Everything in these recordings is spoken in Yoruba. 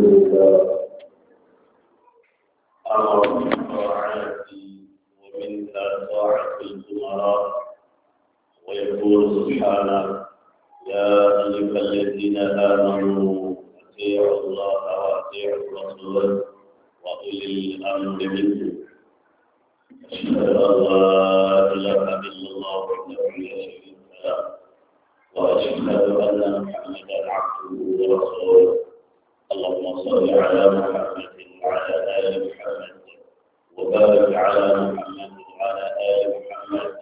الحمد لله ومنها طاعة الأمراء ويقول سبحانه يا أيها الذين آمنوا أطيعوا الله وأطيعوا الرسول وأولي الأمر منكم أشهد أن لا إله إلا الله وحده لا وأشهد أن محمدا عبده ورسوله وصل على محمد وعلى آل محمد وبارك على محمد وعلى آل محمد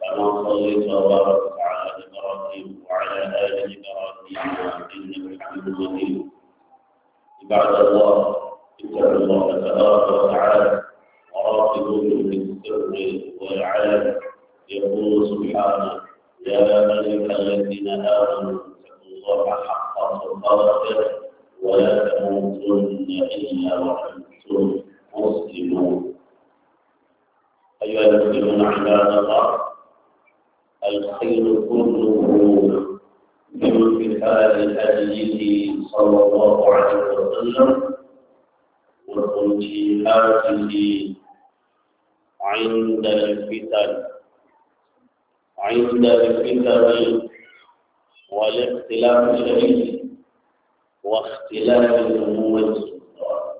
كما صليت وباركت على إبراهيم وعلى آل إبراهيم إنك حميد مجيد عباد الله اتقوا الله تبارك وتعالى وراقبوه في السر والعلن يقول سبحانه يا أيها الذين آمنوا اتقوا الله حق تقاته ولا تموتن إلا وأنتم مسلمون عباد الله الخير كله صلى الله عليه وسلم عند الفتن عند الفتن والاختلاف الشديد واختلاف الأمور السلطان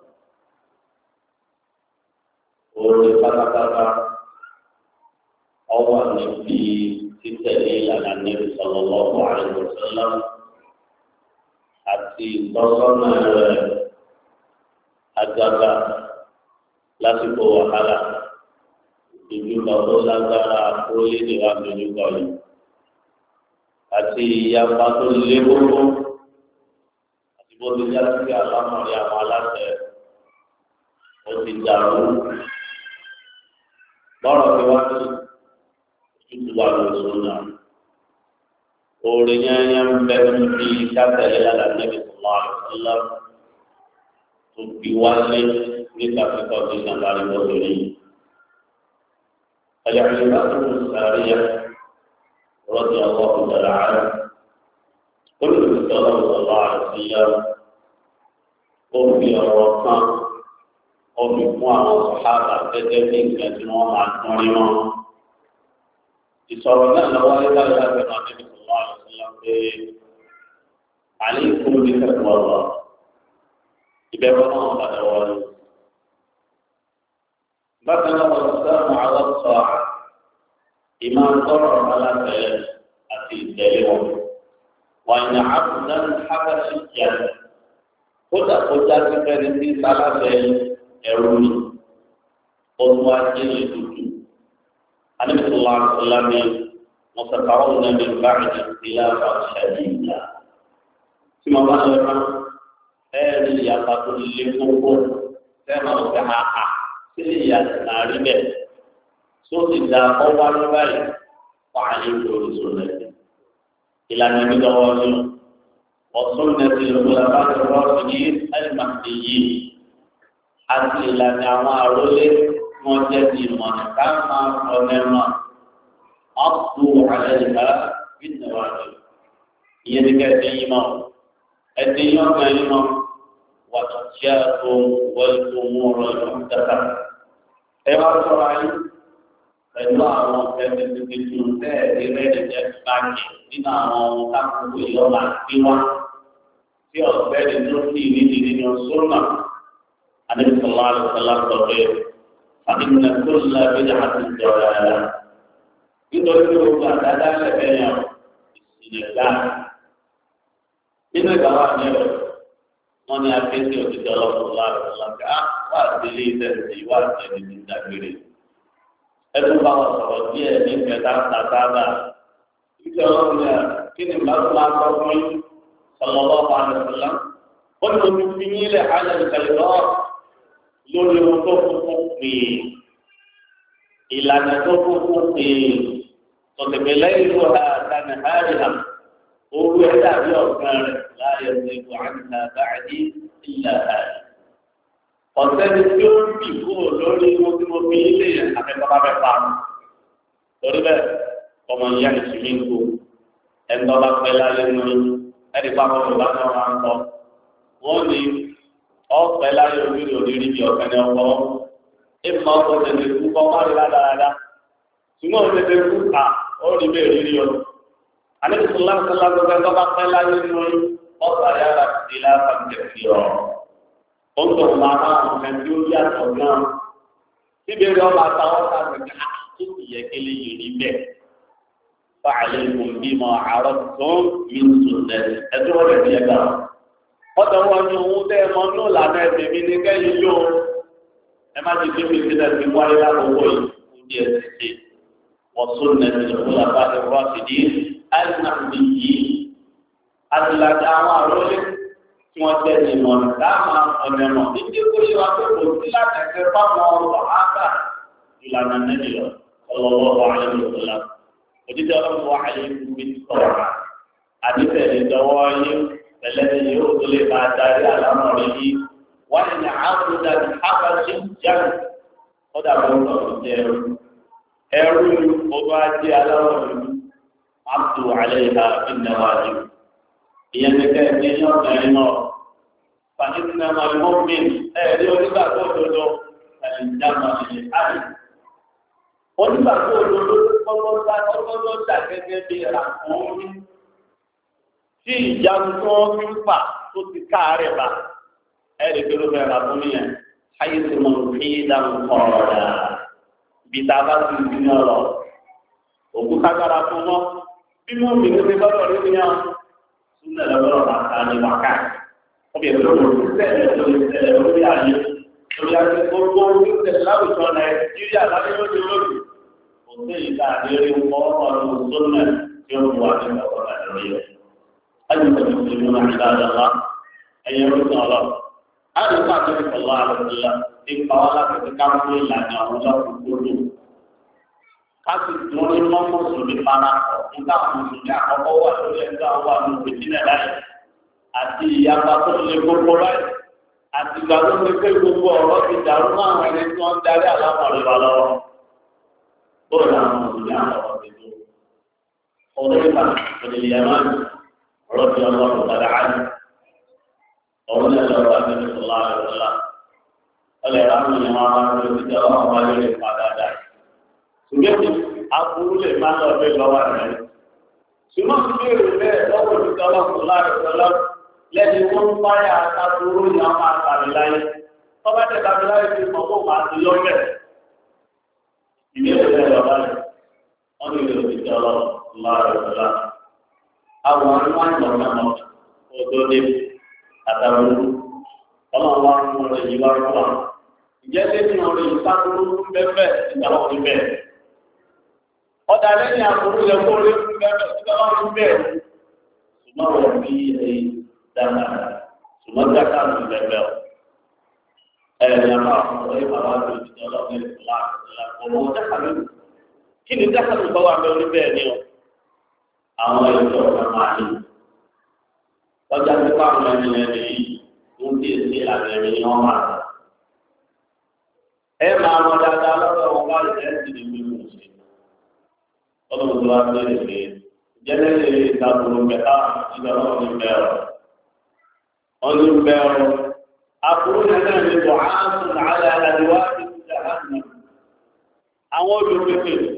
ولفترة أو النبي تتليل عن النبي صلى الله عليه وسلم àti ìtọ́sọ́nà rẹ̀ agbára lásìkò wàhálà ìdúkọ̀ tó lágbára orílẹ̀-èdè wa lójúkọ̀ yìí àti ìyapa tó lé gbogbo bó ti já sí àlámọ̀rí àwọn aláṣẹ ó ti dàrú bọ́rọ̀ ti wá sí ojútùú wa lóṣù náà orin yẹn yẹn ń bẹ níbi kátàlẹ́ yàrá níbi sọ̀rọ̀ àìsílẹ̀ tó fi wálé nígbà pípọ̀ tó ń nàbàrí lọ́dún yìí. العلماء السارية رضي الله تعالى عنه قل صلى الله عليه وسلم ó fi ọ̀rọ̀ kan ó fi fún àwọn sọ̀hábà gẹ́gẹ́ bí nǹkan tí wọ́n máa tún rí wọn. ìsọ̀rọ̀ náà lọ́wọ́ láti tí a fi hàn níbi tó wà lọ́sọ́lá pé àlẹ́ ìkúrú ní kẹ́kọ̀ọ́ lọ ìbẹ̀rù náà padà wọlé. bákan náà wọ́n sọ àwọn àwọn sọ ìmọ̀ ọ̀rọ̀ alábẹ̀rẹ̀ àti ìtẹ̀lé wọn. wọ́n yàn á kú náà hábà sí ìjà kódà kọjá sí fẹ́ni tí sálábẹ́ ẹ̀rú ni ọdún ajé lè dúdú. Anífọ̀lá Sọlámi wọ́n sàkàwọ́ nàbí báyìí ìlà àṣàjì ìlà. Tí mo bá lọ rán ẹ̀rí ìyàtọ̀ tó lé gbogbo sẹ́nà ọ̀gá àhà sí ìyàtọ̀ àárín bẹ́ẹ̀. Tó ti da ọwọ́ wáyé báyìí wàá ní ìlú orísun rẹ̀. Ìlànà ìdíjọ́ nínú. وسنة الخلفاء الراشدين المهديين àti ìlànà àwọn àrólé wọn jẹ́ ti ìmọ̀nà ká máa fọmẹ́ mọ́ wọn kú àlẹ́ ìlà fìdí wà lọ. ìyẹn ti kẹ́sì yín mọ́ ẹtì yín ọ̀gá yín mọ́ wà tó tí a tó wọ́n tó mú ọ̀rọ̀ ìlú dáta. ẹ wá sọ̀rọ̀ ayé pẹ̀lú àwọn ọ̀gẹ́dẹ̀ tuntun tẹ́ẹ̀ ní rẹ́ẹ̀dẹ̀ jẹ́ báńkì nínú àwọn ohun táwọn ìlú ọ̀la gbé wá tí ọ̀gbẹ́ni tó kì í nídìí nínú súnmà àdébísọ̀lá àdébísọ̀lá sọ pé àdébísọ̀lá tó ń la bíjà àti ìjọba ẹ̀yà nítorí pé gbogbo àdáda lẹ́fẹ̀ yẹn ìsìnlẹ̀ gbà nínú ìgbà wà ní ẹ̀rọ wọn ni akéde òtítọ́ ọlọ́sọ̀lá àdébísọ̀lá ká wà sí ilé iṣẹ́ ìṣèyí wà sí ẹni tí صلى الله عليه وسلم والمسلمين على الخيرات lórí ohun tó kún fún pèé ìlànà tó kún fún pèé tọ̀tẹ̀pẹ̀ lẹ́yìn ló ha tani hàrì hàn owó ẹ̀ dàbí ọ̀gá rẹ̀ láàyè ní ìbò àdìsá báàdì ìlà hàrì. ọ̀sẹ̀ ni tí ó ń bì kúrò lórí ohun tí mo fi ilé yẹn afẹ́fọ́fá fẹ́ pa mọ́. torí bẹ́ẹ̀ ọmọ ìyá ìṣúlẹ̀ ń kó ẹ̀ ń dọ́lá pẹ́ lálẹ́ nínú yìí. ẹni pa àwọn yorùbá náà máa ń sọ wọn ní ọpẹ láyé orílẹ̀ òdìrí di ọ̀fẹ́ ní ọkọ ìmọ̀ ọkọ tètè kú kọ́ má rí ládàáda ṣùgbọ́n tètè kú à ó rí bẹ́ẹ̀ rírí ọ. àlejò sọlá gbọgbẹ́ tó bá pẹ́ láyé ní orí ọ̀pá yàrá ti láta tẹ̀sí ọ̀. ó ń tọ̀ máa bá àwọn ọ̀fẹ́ tí ó yàtọ̀ náà. síbi ẹ̀rọ bàtà ọ̀sán àgbẹ̀ká tó sì yẹ yìí rí فعليكم بما عرفتم من سنة ẹjọ́ rẹ̀ ní ẹgbà ọ̀dọ̀ wọn ni òun tẹ́ ẹ mọ ní òlànà ẹ̀sìn mi ní kẹ́yìn yóò ẹ má ti fi fèsì náà ti wáyé lákòókò yìí kú ní ẹ̀sìn ṣe wọ́n sún náà ti lọ́wọ́ lápá ẹ̀ wá sí ní àìsàn yìí àtìlájà àwọn àròlé tí wọ́n tẹ́ ní mọ̀ dáàmà ọ̀nà mọ̀ títí kó ṣe wá pé kò sí látẹ̀kẹ́ fáwọn ọ̀rọ̀ àgbà ìlànà nẹ́ẹ̀lì lọ ọlọ́wọ́ òjijì ọlọ́run wà ayé ibi sọ̀rọ̀ àdìsẹ̀lẹ̀ ìdánwò yín pẹ̀lẹ́ ni yóò tó lè máa darí àlámọ̀ rẹ̀ yí wọ́n ní àákú dàbí ábàṣe jáde ó dàbí ọ̀rọ̀ jẹ́ ẹrú ẹrú ọba ajé aláwọ̀ rẹ̀ àbùtù alẹ́ ìhà ìnáwájú ìyẹn ní kẹ́ ní ọ̀gbìn náà fàdínà máa ń mọ́mí ẹ̀ẹ́dí onígbàgbọ́ òdodo ẹ̀ ń dá máa ń ṣe àyè kọ́lọ́dá kọ́lọ́dá gẹ́gẹ́ bí ràkúnmí tí ìyanu tí wọ́n fi ń fà tó ti káàárẹ̀ bá ẹ̀rì pé ló fẹ́ ràkúnmí yẹn ayé ti mọ̀ ní ìdáhùn kọ̀ọ̀rọ̀ rà bí tá a bá ti di ní ọ̀rọ̀ òkú kágbára fún wọn bí mo mi ní bá lọ nínú yàn súnlẹ̀ lọ́wọ́ bàtà ní wákà obìnrin ló ń ṣẹlẹ̀ lórí ṣẹlẹ̀ lórí àyè lórí àyè gbogbo ń ṣẹlẹ̀ láwùjọ Nàìjíríà lábẹ́ lóde lóde kò sí ìta àdéhùn ìwọ ọ̀rọ̀ sọ́nà tí ó wà ní ọ̀rọ̀ àdéhùn أيها المسلمون عباد الله أيها الرسول الله أنا أعتقد الله عز وجل إن قال فتكرم إلا أن الله كله kasi tóni mọ́mọ́ sóbi fana nígbà mùsùlùmí àkọ́kọ́ wà lórí ẹgbẹ́ àwọn àwọn òbítínẹ̀ láyé àti ìyapa tó lè gbogbo láyé àti ìgbà tó lè pé gbogbo ọ̀rọ̀ ti dàrú mọ́ àwọn ẹni tí wọ́n darí àlámọ̀ rẹ̀ lọ́wọ́ bóòlù àwọn mùsùlùmí àwọn ọ̀rọ̀ tó ọ̀rọ̀ ìfà òdìlì yamani ọ̀rọ̀ tí wọ́n lọ́rùn padà áyì ọ̀rọ̀ náà lọ́rọ̀ àbẹ̀rẹ̀ sọ̀lá àbẹ̀rẹ̀lá ọ̀lẹ̀ ráhùn yẹn wọn máa ń lọ sí ọ̀rọ̀ àwọn lè pa dáadáa ṣùgbọ́n aburú lè má lọ bẹ́ẹ̀ lọ́wọ́ rẹ̀ ṣùgbọ́n ìbéèrè bẹ́ẹ̀ lọ́wọ́ ìdíkà ọlọ́sọ̀lá àbẹ̀rẹ̀lá lẹ́ni wọ́n ń báyà àtàkùrú ni wọ́n láyé tọ́bátẹ̀ tàbí láyé ti mọ̀ fún màá ti lọ́bẹ̀ẹ́ ìmí ẹgbẹ́ lọ́la rẹ̀ wọ́n ní ìlú ìjọ lọ́la rẹ̀ lọ́la. àwọn àwọn àgbọ̀nà ọ̀dọ́ lé àtàwọn ọlọ́run wa ń mú ọ̀rọ̀ yìí wá fún wa. ìjẹ́ lẹ́yìn ọ̀rọ̀ yìí sákòrò fún bẹ́ẹ̀ ìdáwọ̀ fún bẹ́ẹ̀. ọ̀dà lẹ́yìn àkóró yẹ kó lé fún bẹ́ẹ̀ ìdáwọ̀ ṣùgbọ́n wọ̀ bí ẹ̀yìn dáadáa ṣùgbọ́n dáadáa ló kí ni dákàtú bá wà lórí bẹ́ẹ̀ ni ọ àwọn ètò ọ̀gá máa ní ọjà tó bá ń ẹ máa wọn dáadáa wọn bá lè ẹ́ sì ní ọlọ́run tó wá pé mẹ́ta àkúrú nínú ìlú àásùn àlẹ́ àwọn fún ẹnu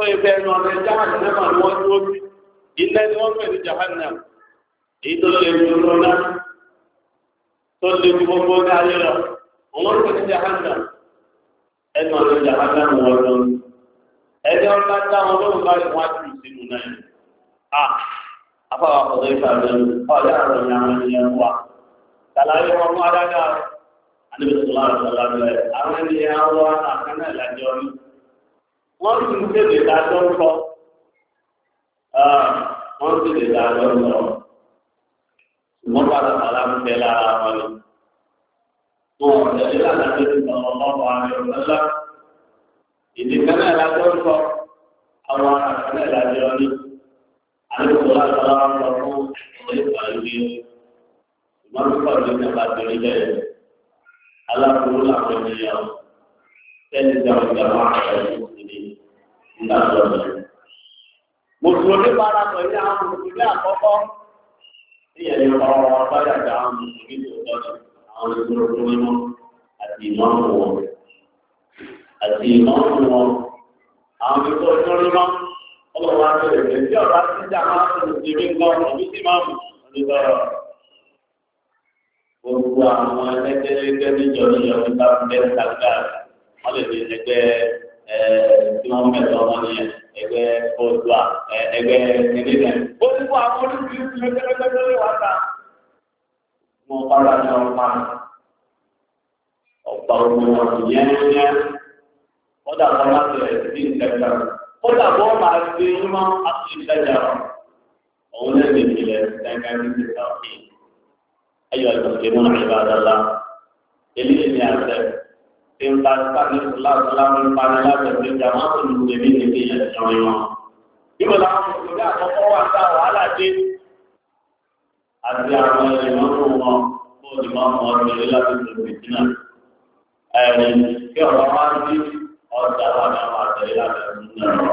ọ̀rẹ́ wọ́n tó ilẹ̀ ni wọ́n èyí tó lè lọ́nà tó lè gbogbo lọ wọ́n ẹnu ọ̀rẹ́ wọ́n ọ̀rẹ́ wọn bá wọn sínú náà a afọwọ́ ìfàgbẹ́ àwọn sàlàyé wọn mú adájọ́ rẹ̀ alẹ́bẹ̀sọ̀lá àtàlàbẹ̀ àwọn ènìyàn wọ àkànnà ìlàjọ ni wọ́n ti ń tẹ̀lé ìdájọ́ ń kọ́ wọ́n ti lè dájọ́ ń lọ ṣùgbọ́n padà padà ń tẹ̀ lára wọn ni wọn ò tẹ̀lé lànàbẹ̀ ìtọ̀rọ̀ lọ́wọ́ àmì ọ̀lọ́lá ìdí kan náà ìlàjọ ń kọ́ àwọn àkànnà ìlàjọ ni alẹ́bẹ̀sọ̀lá àtàlàbẹ̀ ọ̀rọ̀ ìgbà ìgbà mọ́tòkọ̀ ló ní ọba tó nílẹ̀ alákòó làwọn ènìyàn tẹ́lẹ̀ dáwọn ìjàmbá àtàwọn ìṣẹ̀lẹ̀ nígbà tó lọ. mùsùlùmí bára pọ̀ ní àwọn mùsùlùmí àkọ́kọ́ ní ẹ̀yìn ọ̀rọ̀ ọ̀gbádà dá àwọn mùsùlùmí tó tọ́ àwọn ìṣòro tó mímọ́ àti ìmọ̀ọ́mù wọn àti ìmọ̀ọ́mù wọn àwọn ìṣòro tó mímọ́ ọlọ́wọ́ àti ìrẹ̀lẹ̀ tí ọ̀rọ̀ àti ìjà máa ń sọ̀rọ̀ gbogbo àwọn ẹlẹgbẹlẹgbẹ níjọ níjọ nípa bẹ́ẹ̀ sàgbà wọn lè fi ẹgbẹ́ ẹ tí wọn mẹsàn án wọn yẹn ẹgbẹ́ bọdùà ẹgbẹ́ nílẹ̀. ó ní kó àwọn oríṣiríṣi ẹgbẹgbẹgbẹ lè wá ta. mo bára ní ọpa ọ̀pá omi wọn yẹn yẹn kódà wọn láti rẹ sí ìtẹ̀kà kódà wọn máa fi ọmọ àti ìtẹ̀jà òun lè lè fi rẹ sẹ́ńkà ní ìtẹ̀kà òkè. أيها المسلمون عباد الله إلي أن إن تاسكا نفس الله صلى الله عليه وسلم في جماعة المسلمين في الجماعة يقول لهم مسلمين أخوة وعلا وعلا جيد àti àwọn ìmọ̀ràn wọn kó lè máa mọ ọdún ilé láti lòdì ìdínà. Ẹ̀rìn kí ọ̀rọ̀ máa ń bí ọjà láti àwọn àtẹ̀lé láti ẹ̀rọ nínú ẹ̀rọ.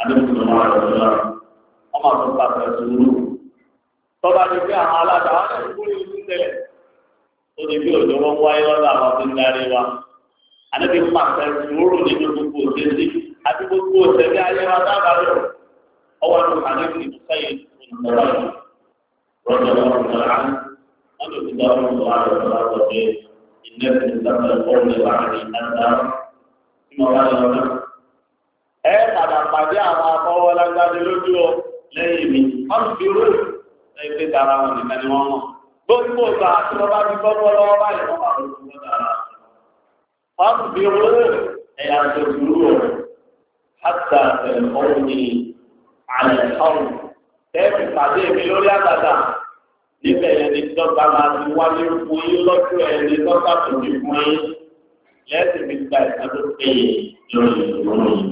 Adébùsùn máa rọ̀ lọ́wọ́. Wọ́n máa tún pàṣẹ sùúrù. tọba ti fi àwọn alága wọn ní ìgbóni ojú tẹ̀lẹ̀ ó ti fi òjò wọn wáyé lọ́dọ̀ àwọn tó ń darí wa àdébí pàṣẹ sùúrù nínú gbogbo òṣèlú àti gbogbo òṣèlú ayé wa dábàá lọ ọwọ́ sẹ́yìn yìí rọ́jò wọn pé ilé sábà ìwà ẹgbẹ́ dára wọn nìkan ni wọ́n mọ̀. gbogbo ọ̀sà àti ọba ti gbọ́dọ̀ lọ́wọ́ báyìí wọ́n wà lóṣù tó dára. wọ́n tún fi owó ẹ̀yà tó dúró rẹ̀ hàtà tẹ̀lifọ́ọ̀nù ní àlẹ́ ọ̀rùn. tẹ́ẹ̀fì pàdé mi lórí àgbàdà níbẹ̀ yẹn ni dọ́gba máa ti wáyé fún yín lọ́jọ́ ẹ̀ ní dọ́gba tó ti fún yín lẹ́sìn mi gba ìta tó péye lórí ìlú lónìí.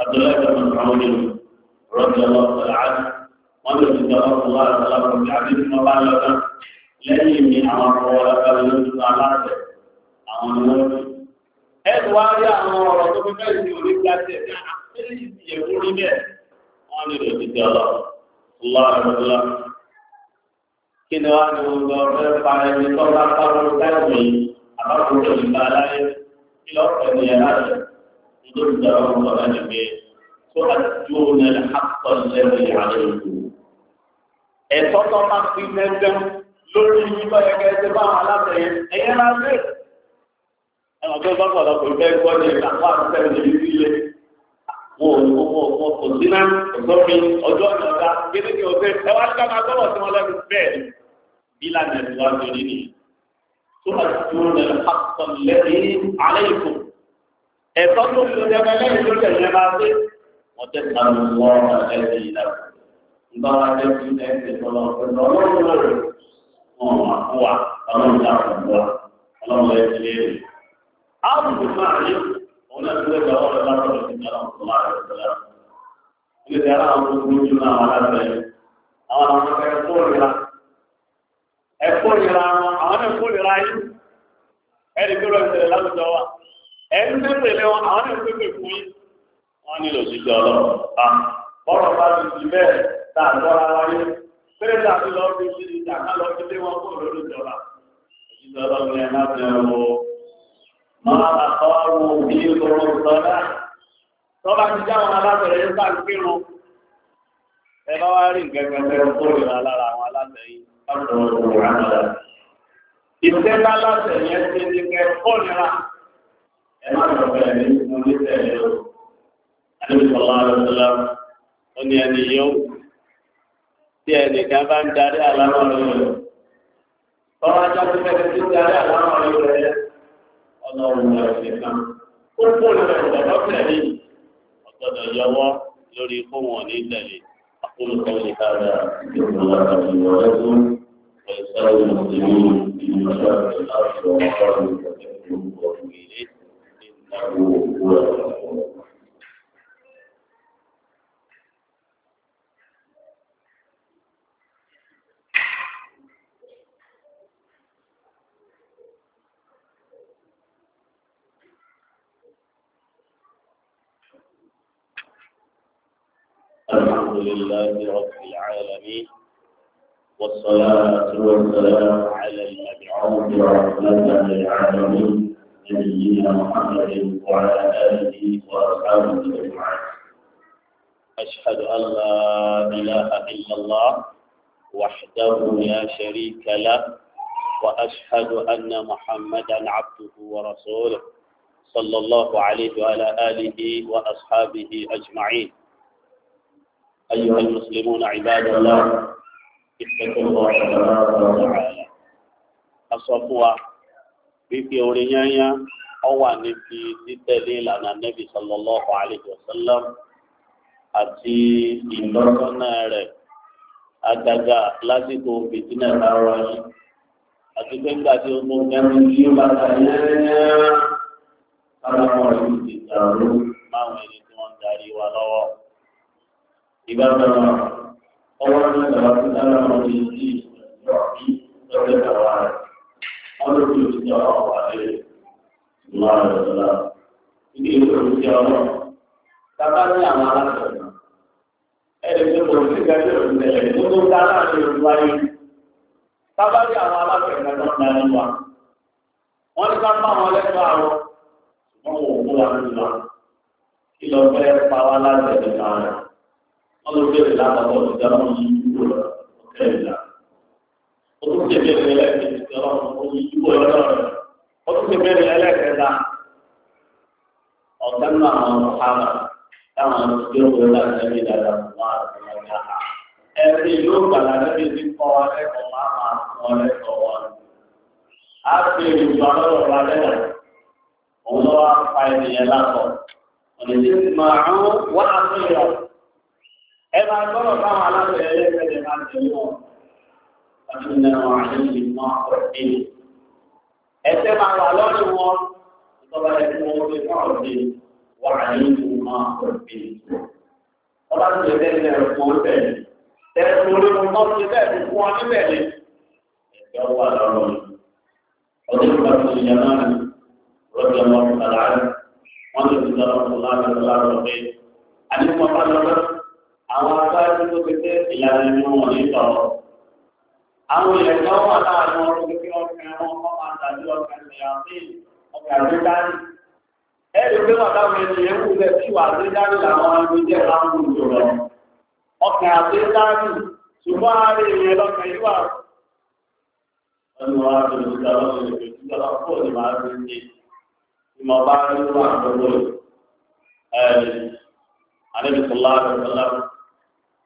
àdúrà ìgbà mọ̀ wọ́n ti jọ ọ̀pọ̀lọpọ̀ àtàlọ́pọ̀ ní àbí tí wọ́n bá lọ tán lẹ́yìn ní àwọn ọ̀pọ̀ ọ̀pọ̀ lóṣù aláṣẹ àwọn ọmọdé. ẹ ti wá rí àwọn ọ̀rọ̀ tó fi bẹ́ẹ̀ sí orí gbàtí ẹ̀ náà àpẹẹrẹ ìyẹ̀wò rí bẹ́ẹ̀ wọ́n ní lè ti jọ lọ lọ́rọ̀lọ́. kí ni wàá ní gbogbo ọ̀rẹ́ pa ẹni tó bá pàrọ̀ láìpẹ́ àbákòrò ìgbà aláyé kí lọ́pọ̀ ní ẹ̀ láṣẹ nítorí ìjọba ọmọ ẹ̀tọ́ tó bá fi lẹ́gbẹ́ lórí yíbọn ẹgbẹ́ tí bá wọn látẹ̀yẹ ẹ̀yẹ máa gbé. ẹ̀wọ̀n tó bá fọ̀dọ̀ kò fẹ́ gbọ́ ní ìgbà wà fẹ́ ní ilé wọn ò wọn wọn kò sí náà ọjọ́ mi ọjọ́ ìjọba gbẹ́dẹ́ kí o fẹ́ ẹ wá ká máa gbọ́dọ̀ sí wọn lẹ́nu bẹ́ẹ̀ bí lànà ìwà lórí ni. tó bá ti dúró lẹ́nu pàtàkì lẹ́yìn alẹ́ ìkó ẹ̀tọ́ tó fi lọ́jọ́ mẹ́lẹ́yìn ló tẹ̀lé máa gbé wọ́n tẹ̀sán lọ́wọ́ ẹ̀sìn ìlànà ìbára jẹ́ fún ẹ̀sẹ̀ tọ́lọ pẹ̀lú ọlọ́run rẹ̀ wọn máa fún wa ọlọ́run dá fún wa ọlọ́run rẹ̀ ti léèrè. Àwọn ìgbìmọ̀ àyè òun náà ti lẹ́gbẹ̀ẹ́ ọ̀rọ̀ látọ̀rọ̀ sí ìjọba ọ̀sán láàrẹ̀ ọ̀sán. Ilé ti ara àwọn ogun ojú náà wọn lábẹ́ àwọn àwọn ẹ̀kọ́ ìlera. Ẹ̀kọ́ ìlera wọn, àwọn ẹ̀kọ́ ìlera yìí. Ẹni tó lọ ìṣẹ̀lẹ̀ láwùjọ wa. Ẹni tó tẹ̀lé wọn, àwọn ẹ̀kọ́ ìpè fún yín. Wọ́n nílò sí ìjọ ọlọ́run. Bọ́rọ̀ bá ti di bẹ́ẹ̀ tá a lọ́ra wáyé péré tá a fi lọ fi sí ní ìjà ká lọ fi lé wọn kó lórí ìjọba ìjọba ọlọ́run ẹ̀ má bẹ̀rẹ̀ o máa àkọ́wò bí ìṣòro sọ́dá tọ́ba ti já wọn alábẹ̀rẹ̀ yóò bá ń kírun ẹ bá wá rí nǹkan kan fẹ́ kó lè àwọn alábẹ̀rẹ̀ láwùjọ òwò àmàlà ìṣẹ́ ti ní kẹ́ kó nira ẹ má ọ̀rọ̀ sọ́lá tí ẹnìkan bá ń darí àlámọ̀ lórí rẹ̀. Ọ̀rọ̀ ajá tó fẹ́ ti darí àlámọ̀ lórí rẹ̀ ọ̀nà òun rẹ̀ nìkan. Ó kó ìrẹ̀ ọ̀dọ̀ tẹ̀lé ọ̀gbọ́dọ̀ yọwọ́ lórí kó wọn ní tẹ̀lé. أقول قولي هذا أستغفر الله لي ولكم ولسائر المسلمين في مشاكل الأرض ومقابل وأتوب إليه إنه هو الغفور الرحيم لله رب العالمين والصلاة والسلام على المبعوث رحمة للعالمين نبينا محمد وعلى آله وأصحابه أجمعين أشهد أن لا إله إلا الله وحده لا شريك له وأشهد أن محمدا عبده ورسوله صلى الله عليه وعلى آله وأصحابه أجمعين أيها المسلمون عباد الله اتقوا الله تبارك وتعالى أصفوا بيتي أولياء أو نبي تتليل عن النبي صلى الله عليه وسلم àti ìlọ́sọ́nà rẹ̀ àgàgà lásìkò fìtínà lára yìí àti pé nígbà tí ó mú ẹni tí ó bá ta yẹ́yẹ́ káwọn ọ̀rẹ́ ti dàrú máwọn ẹni tí wọ́n ń darí wa lọ́wọ́. ìbátan ọwọ́ ní ìjọba rẹ̀ ọdún bẹ̀rẹ̀ látàkọ́ ìjà náà yí ìwúrọ̀ ọ̀kẹ́ ìlà. ọdún tẹ̀ bẹ̀rẹ̀ ẹlẹ́kẹ̀ẹ́ ìjà náà yí ìwúrọ̀ ọ̀rọ̀ rẹ̀. ọdún tẹ̀ bẹ̀rẹ̀ ẹlẹ́kẹ̀ẹ́ta ọ̀gá náà àwọn ọ̀hánà táwọn ti ń wọlé láti ẹbí dada wọn àti wọn ká. ẹbí yóò gbàlá lẹ́bí tí kọ́ wa lẹ́kọ̀ọ́ máa máa fún ọ lẹ́kọ̀ọ́ wọn. á ẹ máa gbọ́dọ̀ báwọn aláṣẹ ẹlẹ́gbẹ̀rẹ̀ máa tẹ̀lé wọn láti ní àwọn àyẹ̀lẹ̀ mọ́ ọ̀dẹ́ ẹsẹ̀ máa wà lọ́dọ̀ wọn ìtọ́ba ẹ̀ fún wọn pé fún ọ̀dẹ́ wà àyẹ̀lẹ̀ mọ́ ọ̀dẹ́ ọba tó lè tẹ́lẹ̀ rẹ̀ fún ọ bẹ́ẹ̀ tẹ́lẹ̀ fún olóko tó ti bẹ́ẹ̀ fún ọ níbẹ̀ ni ẹ̀jọ̀ wà lọ́rọ̀ ọdún tó bá tó lè yàrá ni rọ́bì ọmọ ọ̀gbọ̀n wọn lè fi lọ́rọ̀ fún láàrín ọ̀gbọ̀n àdínkù ọ̀gbọ̀n lọ́rọ̀ àwọn agbájú tó fi pé ìlànà ìlú wọn ní tọrọ. Àwọn ilẹ̀ tó wà láàrin wọn tó fi ọkàn wọn kọ́ máa tàbí ọkàn ìyàtí ọkàn rí dání. Ẹ lè gbé wọn láwọn ènìyàn kú bẹ́ẹ̀ tí wà rí dání làwọn ẹni jẹ́ láwọn òjò lọ. Ọkàn àti dání ṣùgbọ́n a rí ìyẹn lọ́kàn yìí wà. Ọlọ́run wa tó lùdà lọ́sọ̀ lè fi títọ́ lọ fún òní máa rí ní ìmọ̀ bá rí wà lọ́wọ́ ẹ̀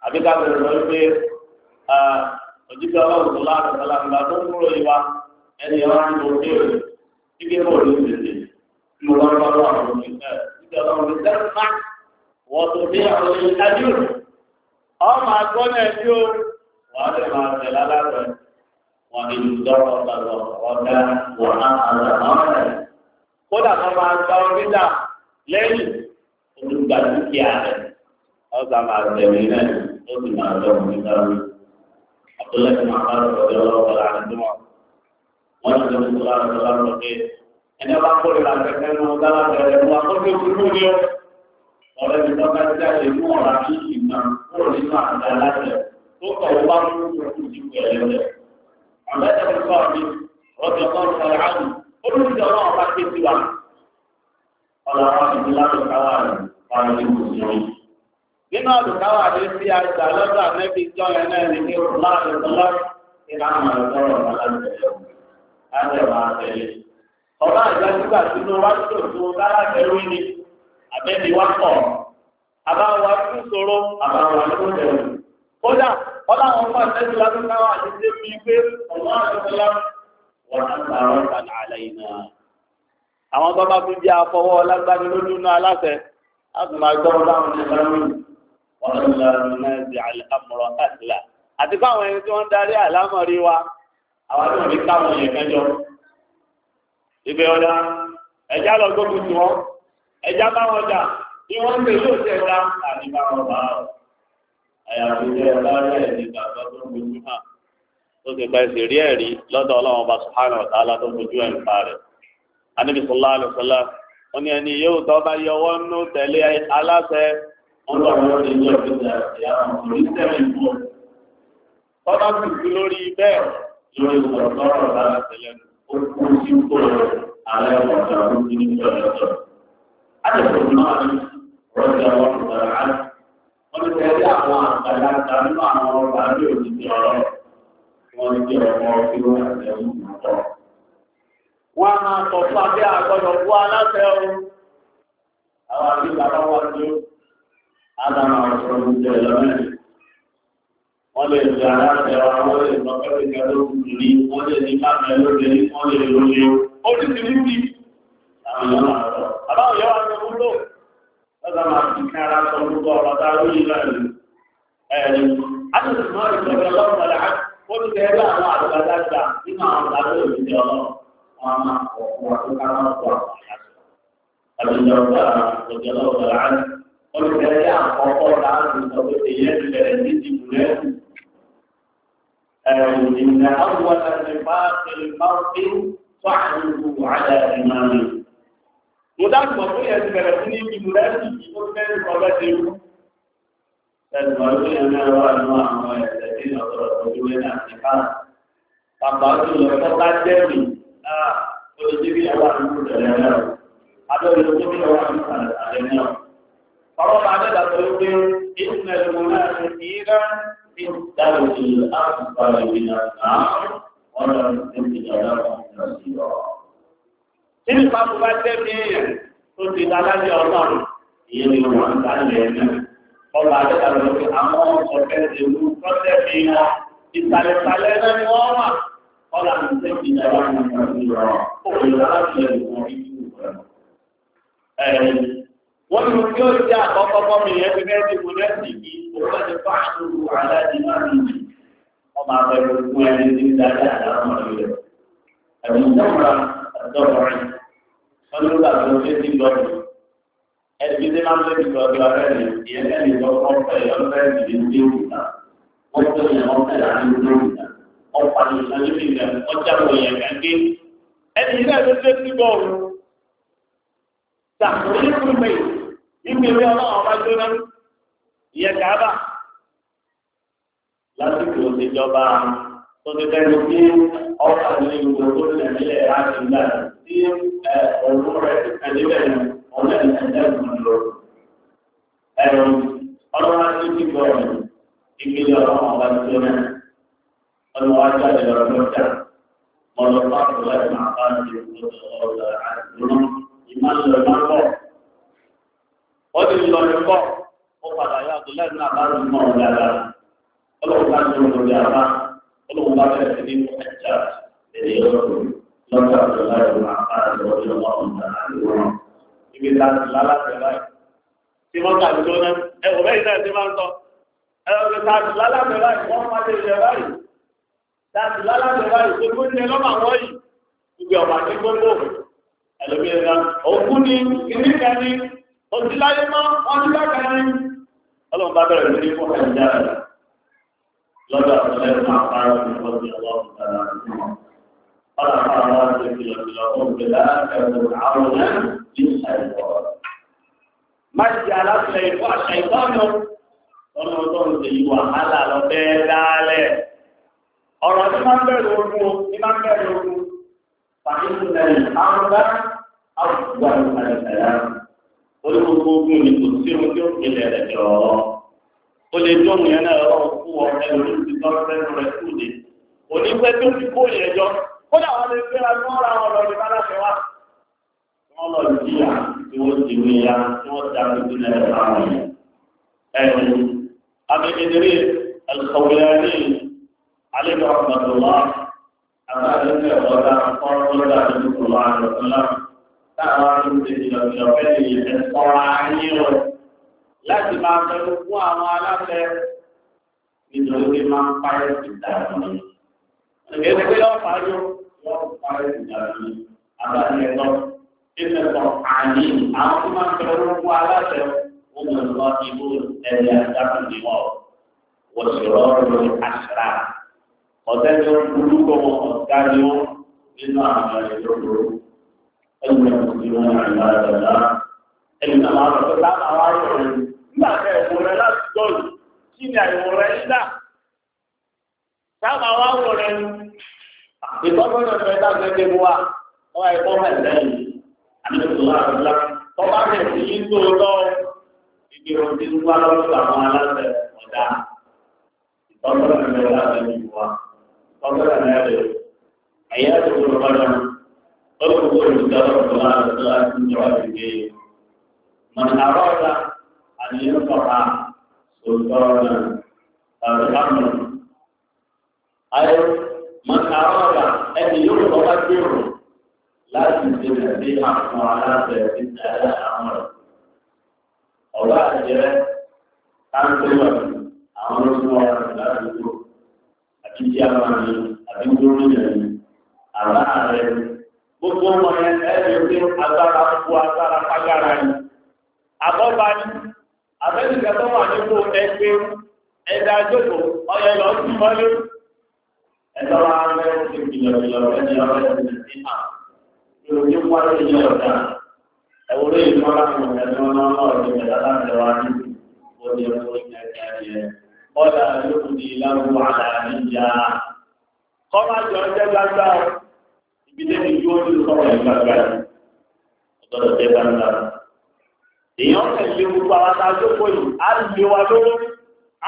àbí ká bẹ̀rẹ̀ lọ wípé òjijì ọlọ́run tó láàrín ọ̀la ìgbà tó ń kúrò yìí wá ẹni ọ̀la ń lò dé òní kíkẹ́ bọ̀ ní tètè tí mo lọ́ọ́ lọ́ọ́ àwọn òní ẹ̀ òjijì ọlọ́run tó dẹ́rù má wọ́n tó dé àwọn ẹni dájú ọmọ agbọ́nà ẹni ó wàá lè máa tẹ̀ lálàbẹ̀ wọn ni ìdọ́rọ̀ ọ̀tàlọ̀ ọ̀dà wọn á àlàmọ́ọ̀rẹ̀ kódà kan máa gba orí dà lẹ́yìn olùgbàdúkìá rẹ̀ ọ̀sà máa tẹ̀lé náà ابن أبو مسلم عبد الله بن عباس رضي الله تعالى عنهما وانا النبي صلى الله عليه وسلم قال أنا بقول لك أنا ولا أقول لك كل ọ̀rẹ́ mi lọ́gbà tí a lè mú ọ̀rá ní ìgbà kúrò nínú àgbà aláṣẹ tó kọ̀ wá ní ojú ju ẹ̀rẹ́ rẹ̀. Àwọn ẹ̀dá mi kọ́ mi, ọjọ́ kan ń sọ̀rọ̀ àrùn, ó ní ìjọ náà bá ké sí wa. Ọ̀làwọ̀ àti ìlànà káwá rẹ̀ wà ní ìgbòsí nínú àdùkáwà rí sí àgbà lọ́dọ̀ àmẹ́bí jọ́yọ̀ náà ní ní ọ̀la àdùkọ́lá ìlànà ọ̀dọ́rọ̀ ọ̀làlẹ́sẹ̀ àtẹ̀wà àtẹ̀lé. ọ̀la ìgbàsígbà sínú wá tó tó dára tẹ̀lú ni àbẹ́bí wá pọ̀ àbáwa tó sọ̀rọ̀ àbáwa tó tẹ̀lé. àwọn ọmọ fi pé ọ̀la àdùkọ́lá wọ́n náà. àwọn bábá tún jẹ́ afọwọ́ lágbánilójú náà aláṣẹ wọ́n lọ náà di àmọ̀rọ̀ àtìlá àti fún àwọn ẹni tí wọ́n ń darí àlámọ̀rí wa àwọn tó ní káwọn yẹn kẹjọ ibẹ̀ ọ̀dà ẹ̀já lọ gbógun tí wọ́n ẹ̀já bá wọn jà ni wọ́n ń pè yóò tẹ̀ dá àti bá wọn bá ọlọ́ àwọn ọ̀dẹ́jọ́ mọ́. ní ìjọ̀jọ̀. Adẹ̀kùn náà ní rọ́jà wọn kò dára á. Wọ́n ní òjijì ọ̀rọ̀. Wọ́n ti sọ Adam ọ̀sọ̀rọ̀ jẹ́ lọ́rẹ̀. Wọ́n lè jẹ́ aláṣẹ ọ̀rọ̀ wọ́n lè lọ́kẹ́rẹ́ jẹ́ lóògùn ní wọ́n lè ní láàmẹ́ lóde ní wọ́n lè lóde. Ó ti ti rí bí. Àwọn yọ máa sọ. Àbáwọn yọ máa sọ wúlò. Lọ́sà máa fi kí ara sọ gbogbo ọ̀rọ̀ tá a rí yìí náà ni. Ẹ̀ẹ́dì. A àwọn àgbàdàgbà àwọn àgbàdo àwọn àyàtọ̀ olùdarí àkọ́kọ́ láti sọ pé èyí ti bẹ̀rẹ̀ sí ìdìbò lẹ́nu. Ẹ̀rù ìrìnà àwọn àti báàkì báàkì tó àdúgbò àjà ìmáàmì. Mo dájú mọ̀ pé ẹ̀sìn bẹ̀rẹ̀ sí ní ìdìbò lẹ́nu ìdìbò lẹ́nu ọ̀rẹ́ ti rú. Ẹ̀sìn mọ̀ pé ẹ̀sìn náà wà nínú àwọn ẹ̀sẹ̀ tí ìlọ́sọ̀rọ̀ tọ́jú lẹ́nu àti ká. Bàbá àwọn àwọn àdúgbò rẹ̀ náà ọ̀rọ̀ bá dẹ́gbà tó wípé ìpínlẹ̀ ìwọ̀n láti ìrà ti dáwòjì àpùpàrọ̀ ìrìnà àárọ̀ ọ̀rọ̀ ìpínlẹ̀ ìjọba ọ̀rọ̀ ìrọ̀. Tí ní pàtó bá jẹ́ bí èèyàn tó ti dálájẹ́ ọlọ́run, ìyẹn ni wọ́n ń dálẹ̀ ẹ̀mí. Ọba dẹ́gbà tó wípé àwọn ọ̀fẹ́ ti mú tọ́tẹ́ fi wọn, ìsàlẹ̀sàlẹ̀ náà ni wọ́n wà. Ọ̀là ìpínlẹ̀ ìjọba ọ̀rọ̀ wọ́n ní ojú ọjà àkọ́kọ́ fọ́mì yẹn fi fẹ́ẹ́ fi mú lẹ́sìn kí òun ti fà ṣòro aláàdì máa ń bì wọ́n máa bẹ gbogbo ẹni tí ń darí àdáwọn ọ̀rọ̀ rẹ̀ ẹ̀mí dọ́gba àdọ́gọrin wọ́n ló gbà tó ṣe ti gbọ́dọ̀ ẹni tí ti máa ń lẹ́bi gbọ́dọ̀ abẹ́ rẹ̀ ìyẹn lẹ́yìn tó kọ́ ọ̀fẹ́ ìdílé ní òkúta ní ẹni tó ṣe ti bọ̀ọ̀lù tàbí ó níbi ìwé ọlọ́run ọba gbéná ìyẹn kàábà lásìkò ìjọba tó ti tẹ́lẹ̀ sí ọ̀pá ní ìlú tó ti tẹ̀lé láti ìgbà tí ọ̀rọ̀ rẹ̀ ti tẹ̀lé bẹ̀rẹ̀ ọ̀nà ìtẹ̀lẹ́gùn lọ. ẹ̀rọ ọlọ́run ti ti gbọ́ ọ̀rọ̀ ìpínlẹ̀ ọlọ́run ọba gbéná ọlọ́run wá jáde lọ́rọ̀ lọ́jà mọ̀lọ́pàá tó láti máa bá ti ìlú ọ̀rọ̀ àti ìlú ìmọ̀ wọ́n ti lọ ní pọ̀ ó padà yá àdúlẹ̀ ní àbárò ní ọ̀rọ̀ dáadáa ọlọ́run bá ti lọ ní àbá ọlọ́run bá bẹ̀rẹ̀ sí ní ẹ̀já lẹ́yìn ọ̀rọ̀ lọ́jọ́ àdúlẹ̀ ní àbárò ní ọjọ́ ọ̀rọ̀ dáadáa ibi láti lálàfẹ́ láì tí wọ́n kà ló ná ẹ ò bẹ́ẹ̀ sẹ́ẹ̀ tí máa ń sọ ẹ ò bẹ́ẹ̀ láti lálàfẹ́ láì wọ́n máa lè jẹ láì láti lálàfẹ́ láì tó tó ń jẹ lọ́mọ àwọn yìí ibi ọ̀bà tí gbogbo ẹlòmíràn òkú ni kìnnìkan ni òsìláyé mọ́ ọdúnlágbàáyé ọlọ́run bá bẹ̀rẹ̀ lórí fún ẹ̀já rẹ̀ lọ́dọ̀ àtúnlẹ̀ máa pààrọ̀ ní ọdún ọlọ́run tààrà fún wọn. ọlọ́run àwọn ọdún ìlọ̀kìlọ̀ ọ̀gbẹ̀ láàrín àwọn ọ̀rẹ́ ní ṣàìbọ̀. má jẹ́ aláṣẹ ìfọ́ àṣà ìfọ́nù ọlọ́run tó ń ṣe yí wàhálà lọ bẹ́ẹ̀ dálẹ̀. ọ̀rọ̀ ní máa ń bẹ̀rẹ̀ ogun ní máa ń bẹ̀rẹ̀ ogun pàṣẹ olùkókó ogun ni kò sí ohun tí ó kéde rẹ̀ jọ ọ́. o lè tó ohun yẹn náà lọ́wọ́ fún ọ ẹlòmí ti tọ́ sẹ́nu rẹ̀ kú ni. onígbẹ́ tó fi kó yẹn jọ kódà wọn lè gbéra tí wọ́n ra wọn lọ ní bálàfẹ́ wa. wọ́n lọ jìyà tí wọ́n ti wí ya tí wọ́n ti àti ìpínlẹ̀ rẹ̀ láwọn yẹn. ẹ̀rù abẹ́gẹ́dẹ́rẹ́ alùpàwìyàní alẹ́ bàbá bàbá wa àbájáde ọ̀dà ọ̀dà àdúgbò wa táwọn arúgbó ìjọba ìjọba ìyẹn sọ̀rọ̀ ayé rẹ̀ láti máa bẹ̀rù fún àwọn aláfẹ́ nítorí pé máa ń parẹ́ ìdájọ́ ni. Ìgbésẹ̀ pé lọ́ọ́ parí ó lọ́ọ́ parẹ́ ìdájọ́ ni. Àbájá ẹ̀tọ́ ìfẹ́ sọ àní àwọn tó máa ń bẹ̀rù fún aláfẹ́ wọn mọ̀ ẹ̀yà ìdájọ́ ẹ̀yìn ìgbìmọ̀ ìlànà ìlànà ẹ̀yìn àwọn tó lọ ìgbìmọ̀ ti فهو يستغرق الله تعالى من جوابه من أراد أن ينفع سلطانا فبأمر أي من أراد أن يلقى الدر لا تنزل فيها معاناة إلا على أمر الله أجل كان سوى أمر سوى لا تنزل أكيد يا أمامي أبي أمامي أبي أمامي gbogbo ọmọ yẹn ẹ̀rọ pé agbára kú agbára kágbára ni àbọ́bá ní abẹ́nìkẹ́ tó wà nípò ẹgbẹ́ ẹ̀dá jókòó ọyẹ lọ sí mọ́lé ẹ̀dọ́ wa mẹ́rin ti kìlọ̀kìlọ̀ ẹni ọ̀rẹ́ ti ti hàn ìròyìn ń wáyé ní ọ̀dà ẹ̀wọ̀rẹ́ ìmọ̀lá fún ẹni ọlọ́ọ̀lọ́ ọ̀dọ̀ ẹ̀dá láti wá ní òde òfin ẹ̀kẹ́ ẹ̀yẹ bọ́dà yóò di ìlànà àlàyé yá kọ́ má jọ ọjọ́ gbàgbà ilẹ̀ ní yóò ní sọ̀rọ̀ nípa gbàdúrà ọ̀dọ́dọ̀ tẹ́ bá ń ta. èèyàn tẹ̀lé gbogbo àwọn tá a tó kọ́ yìí á lè wa lóró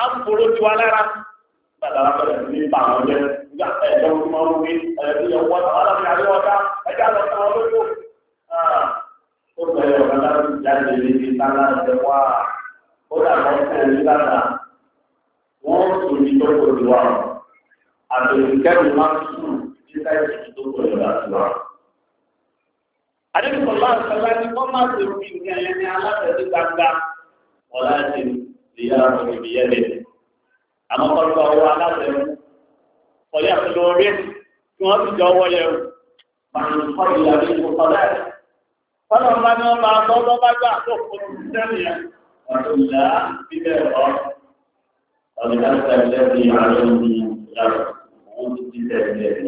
á ń foró ti wa lára. bàtà lápẹ̀lẹ̀ ní ipa àwọn ọ̀lẹ́ nígbà ẹ̀jẹ̀ ojú máa ń wí ẹ̀jẹ̀ ìyẹn wọ́n àwọn alámi àríwọ́dá ẹ̀jẹ̀ àlọ́ kan lóko. ó bẹ̀rẹ̀ Adébísọ̀ bá ṣẹlá ní wọ́n máa ṣe rú ìrìn àyẹ́ ní alátẹ̀sí gbangba ọ̀lá ti lè yára rú ìbí yẹ́lẹ̀. Àmọ́ kọ́lùkọ́ ọwọ́ alátẹ̀rú, ọ̀lẹ́ àtúlọ orí tí wọ́n ti jọ ọwọ́ yẹ rú. Màrùn kọ́ ìyá ní ìlú kọ́lá ẹ̀. Kọ́lá ọba ni wọ́n máa gbọ́ bọ́ bá gbà tó kó ti sẹ́nu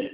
yẹn.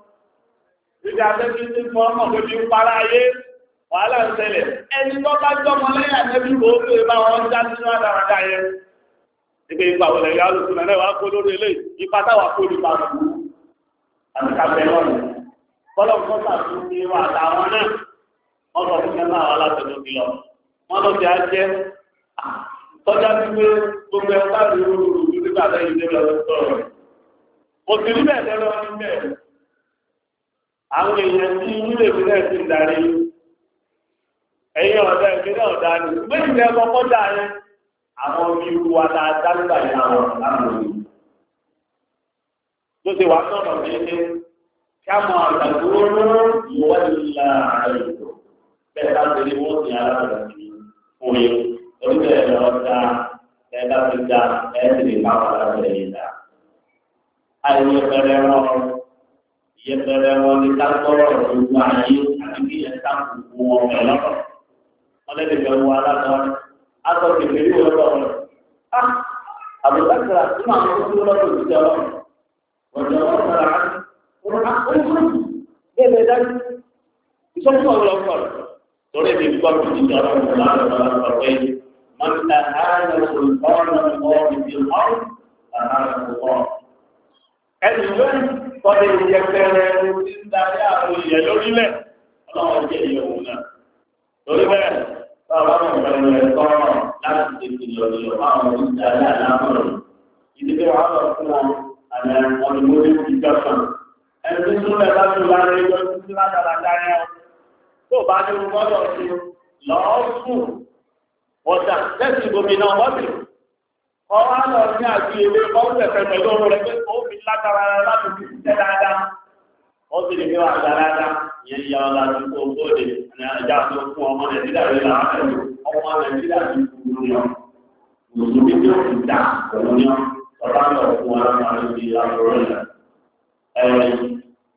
Ìgbà àtẹ́bí ti mọ ọmọ tó ti ń para ayé, wàhálà ń ṣẹlẹ̀. Ẹni tó bá jọmọ lẹ́yìn àtẹ́bí wo ló bá wọn já sínú àdàràdà yẹn. Ìgbà ìgbà wọlé ìyá olùkùn náà wàá kó lórí eléyìí, ipa táwa kó lè bá wọn. Àti kàfẹ́ lọ́nà. Bọ́lá ń kọ́ta tó ti wà àtàwọn náà. Wọ́n sọ fún mẹ́ta àwọn èèyàn tí nílé ìpínlẹ̀ ti ń darí ẹ̀yìn ọ̀dọ́ ìpínlẹ̀ ọ̀dá ni méjì lẹ́ kọ́kọ́ dà yẹn àwọn bí irú wa ta dálúgbà yẹn àwọn àwọn òbí tó ti wà sọ̀rọ̀ ní ilé kí a mọ àgbàgbóró ìwọ́ ìlà àìsàn bẹ́ẹ̀ bá ti rí wọ́n ní alábẹ̀rẹ̀ sí òye orílẹ̀ èdè ọ̀dà ẹ̀dá ti dá ẹ̀ẹ́dì lè bá wọn lábẹ́rẹ̀ yìí dá àìyẹ̀fẹ̀rẹ̀ wọn ìyẹ́pẹ̀rẹ̀ wọn ni ká tọ́rọ̀ gbogbo ayé àti bí yẹn ká gbogbo wọn pẹ̀ lọ́tọ̀. wọ́n lé lèbẹ̀ wọ alága aṣọ kékeré wọn lọ rẹ̀. Ah! àbùdákàrà tí màá tó dúró lọ́tọ̀ ìjọ lọ. wọ́n jẹ́ wọ́n sọ̀rọ̀ àkókò bẹ́ẹ̀ bẹ́ẹ̀ dájú. ìsọ́kùnrin ọ̀rọ̀ ọ̀rọ̀ torí mi gbọ́ mi ti dọ̀rọ̀ mi lára lọ́wọ́ sọ pé wọ́n ta ààrẹ olùkọ́ ọ̀nà ọ̀rọ̀ ìdí ọ̀rọ̀ ààrẹ olùkọ́. ẹ̀sìn bẹ́ẹ̀ tọ́lé ìyẹpẹrẹ ní darí àwọn ìyẹn lórílẹ̀ ọlọ́run jẹ́ ìyẹn òun náà. lórí bẹ́ẹ̀ báwa ní ìbẹ̀rù rẹ̀ tọ́rọ̀ láti tètè lọ sí àwọn ìdarí àlámọ̀rọ̀ ìdílé wa lọ fún wọn àmì ọ̀nìmọ́lé ti jọ́sán. ẹni tó súnlẹ̀ láti lára ẹjọ́ títí látara dáyà tó bá ní gbọ́dọ̀ sí lọ́ọ́ sùn ọ̀dà tẹ́sí gómìnà ọ̀bọ̀bìnrin ọwọ́ àlọ́ ní àti ewé ọ̀rọ̀ ẹ̀fẹ̀ pẹ̀lú ọ̀rọ̀ rẹ̀ pé ó fi lágbára láti fi ṣiṣẹ́ dáadáa ó sì lè fi wà dáadáa ìyẹn ìyá ọ̀la ti kó owó de ní ajá tó fún ọmọ nàìjíríà rẹ̀ là ọmọ nàìjíríà ti kú ní ọ mùsùlùmí tí ó fi dà òun ní ọ̀rọ̀ àlọ́ fún ọ̀rọ̀ àlọ́ fi àbúrò rẹ̀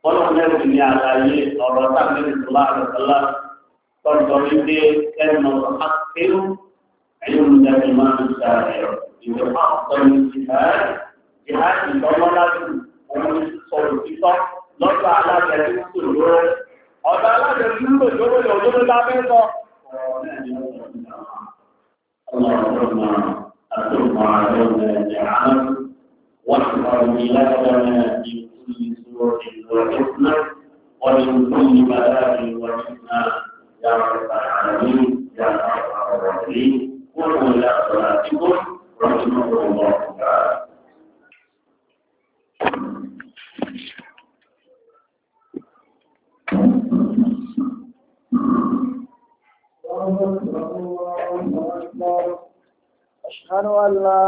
wọ́n lọ́n lẹ́sìn ní àlàyé ọ̀rọ̀ táwọn ìṣòlá àlọ́sọ́lá tọ́jú ọdún dé ẹnu ọ̀rọ̀ àkérò ẹ̀yìn olùdarí máa ń ṣàlàyé ọ̀rọ̀. يبقى أفضل الجهاد جهاد يضمن ومن صوتيته لọ́pọ̀ alájẹ̀rí tó lóró كل سوء وفتنة ومن كل بلاء يا رب العالمين يا أرحم الراحمين قولوا رحمه الله أشهد أن لا